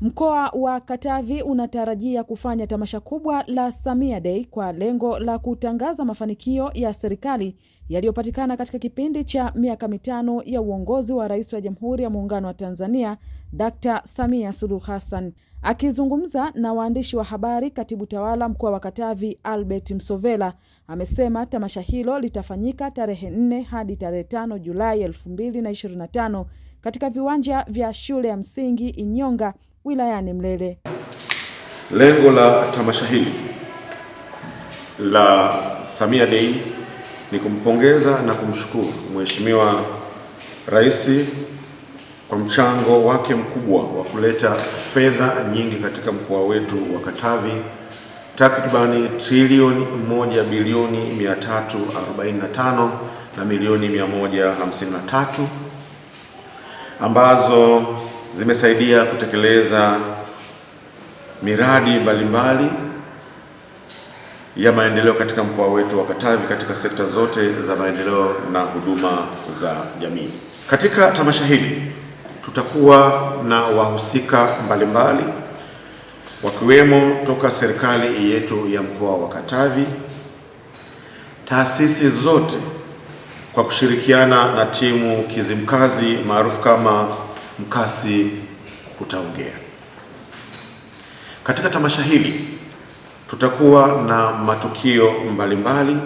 Mkoa wa Katavi unatarajia kufanya tamasha kubwa la Samia Day kwa lengo la kutangaza mafanikio ya serikali yaliyopatikana katika kipindi cha miaka mitano ya uongozi wa Rais wa Jamhuri ya Muungano wa Tanzania, Dkt. Samia Suluhu Hassan. Akizungumza na waandishi wa habari, katibu tawala mkoa wa Katavi Albert Msovela amesema tamasha hilo litafanyika tarehe nne hadi tarehe tano Julai elfu mbili na ishirini na tano katika viwanja vya shule ya msingi Inyonga wilayani Mlele. Lengo la tamasha hili la Samia Day ni kumpongeza na kumshukuru Mheshimiwa Rais kwa mchango wake mkubwa wa kuleta fedha nyingi katika mkoa wetu wa Katavi, takribani trilioni moja bilioni 345 na milioni 153 ambazo zimesaidia kutekeleza miradi mbalimbali ya maendeleo katika mkoa wetu wa Katavi katika sekta zote za maendeleo na huduma za jamii. Katika tamasha hili tutakuwa na wahusika mbalimbali wakiwemo toka serikali yetu ya mkoa wa Katavi, taasisi zote kwa kushirikiana na timu Kizimkazi maarufu kama mkasi utaongea. Katika tamasha hili tutakuwa na matukio mbalimbali mbali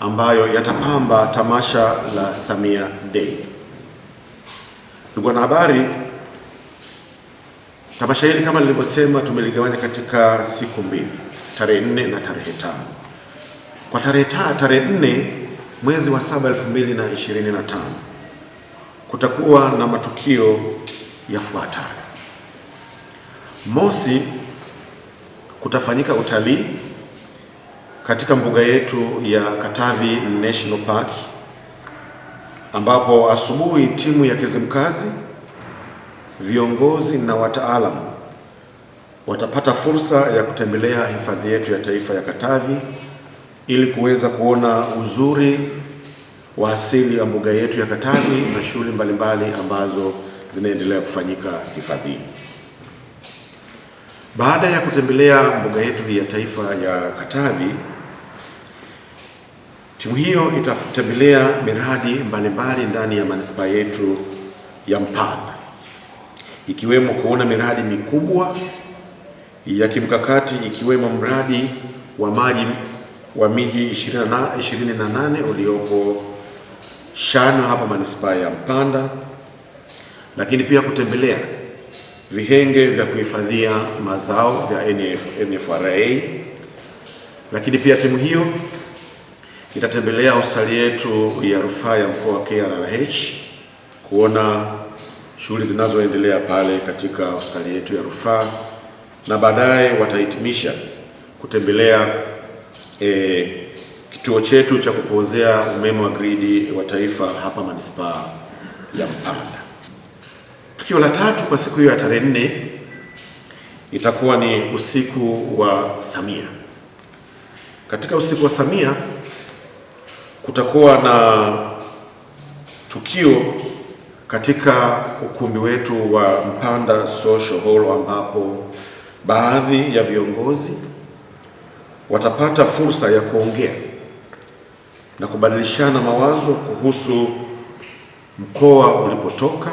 ambayo yatapamba tamasha la Samia Day. Ndugu wanahabari, tamasha hili kama nilivyosema, tumeligawanya katika siku mbili, tarehe nne na tarehe tano. Kwa tarehe tarehe nne mwezi wa saba elfu mbili na ishirini na tano kutakuwa na matukio yafuatayo. Mosi, kutafanyika utalii katika mbuga yetu ya Katavi National Park ambapo asubuhi timu ya Kizimkazi, viongozi na wataalamu watapata fursa ya kutembelea hifadhi yetu ya taifa ya Katavi ili kuweza kuona uzuri wa asili ya mbuga yetu ya Katavi na shughuli mbalimbali ambazo zinaendelea kufanyika hifadhini. Baada ya kutembelea mbuga yetu hii ya taifa ya Katavi, timu hiyo itatembelea miradi mbalimbali ndani ya manispaa yetu ya Mpanda, ikiwemo kuona miradi mikubwa ya kimkakati ikiwemo mradi wa maji wa miji 28 uliopo Shano hapa manispaa ya Mpanda, lakini pia kutembelea vihenge vya kuhifadhia mazao vya NFRA, lakini pia timu hiyo itatembelea hospitali yetu ya rufaa ya mkoa wa KRRH kuona shughuli zinazoendelea pale katika hospitali yetu ya rufaa, na baadaye watahitimisha kutembelea eh, kituo chetu cha kupozea umeme wa gridi wa taifa hapa manispaa ya Mpanda. Tukio la tatu kwa siku hiyo ya tarehe nne itakuwa ni usiku wa Samia. Katika usiku wa Samia kutakuwa na tukio katika ukumbi wetu wa Mpanda Social Hall ambapo baadhi ya viongozi watapata fursa ya kuongea na kubadilishana mawazo kuhusu mkoa ulipotoka,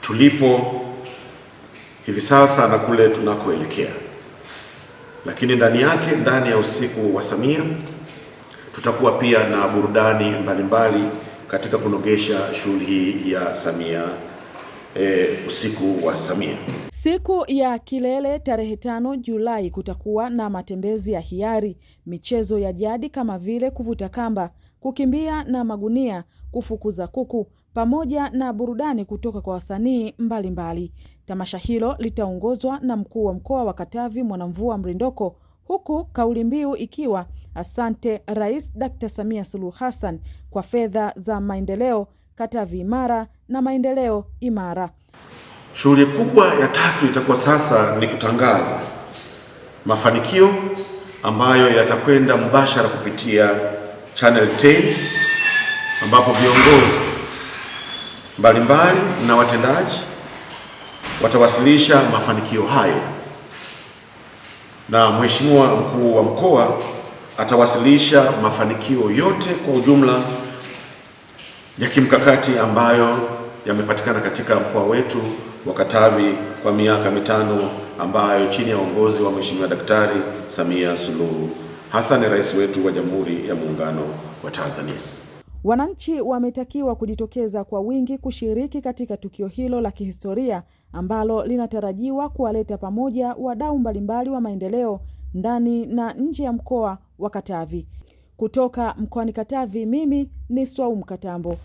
tulipo hivi sasa na kule tunakoelekea. Lakini ndani yake, ndani ya usiku wa Samia, tutakuwa pia na burudani mbalimbali katika kunogesha shughuli hii ya Samia e, usiku wa Samia. Siku ya kilele tarehe tano Julai kutakuwa na matembezi ya hiari, michezo ya jadi kama vile kuvuta kamba, kukimbia na magunia, kufukuza kuku pamoja na burudani kutoka kwa wasanii mbalimbali. Tamasha hilo litaongozwa na mkuu wa mkoa wa Katavi Mwanamvua Mrindoko, huku kauli mbiu ikiwa asante Rais Dakta Samia Suluhu Hassan kwa fedha za maendeleo, Katavi imara, na maendeleo imara. Shughuli kubwa ya tatu itakuwa sasa ni kutangaza mafanikio ambayo yatakwenda mbashara kupitia Channel 10 ambapo viongozi mbalimbali na watendaji watawasilisha mafanikio hayo, na mheshimiwa mkuu wa mkoa atawasilisha mafanikio yote kwa ujumla ya kimkakati ambayo yamepatikana katika mkoa wetu wa Katavi kwa miaka mitano ambayo chini ya uongozi wa Mheshimiwa Daktari Samia Suluhu Hassan, rais wetu wa Jamhuri ya Muungano wa Tanzania. Wananchi wametakiwa kujitokeza kwa wingi kushiriki katika tukio hilo la kihistoria ambalo linatarajiwa kuwaleta pamoja wadau mbalimbali wa maendeleo ndani na nje ya mkoa wa Katavi. Kutoka mkoani Katavi, mimi ni Swau Mkatambo.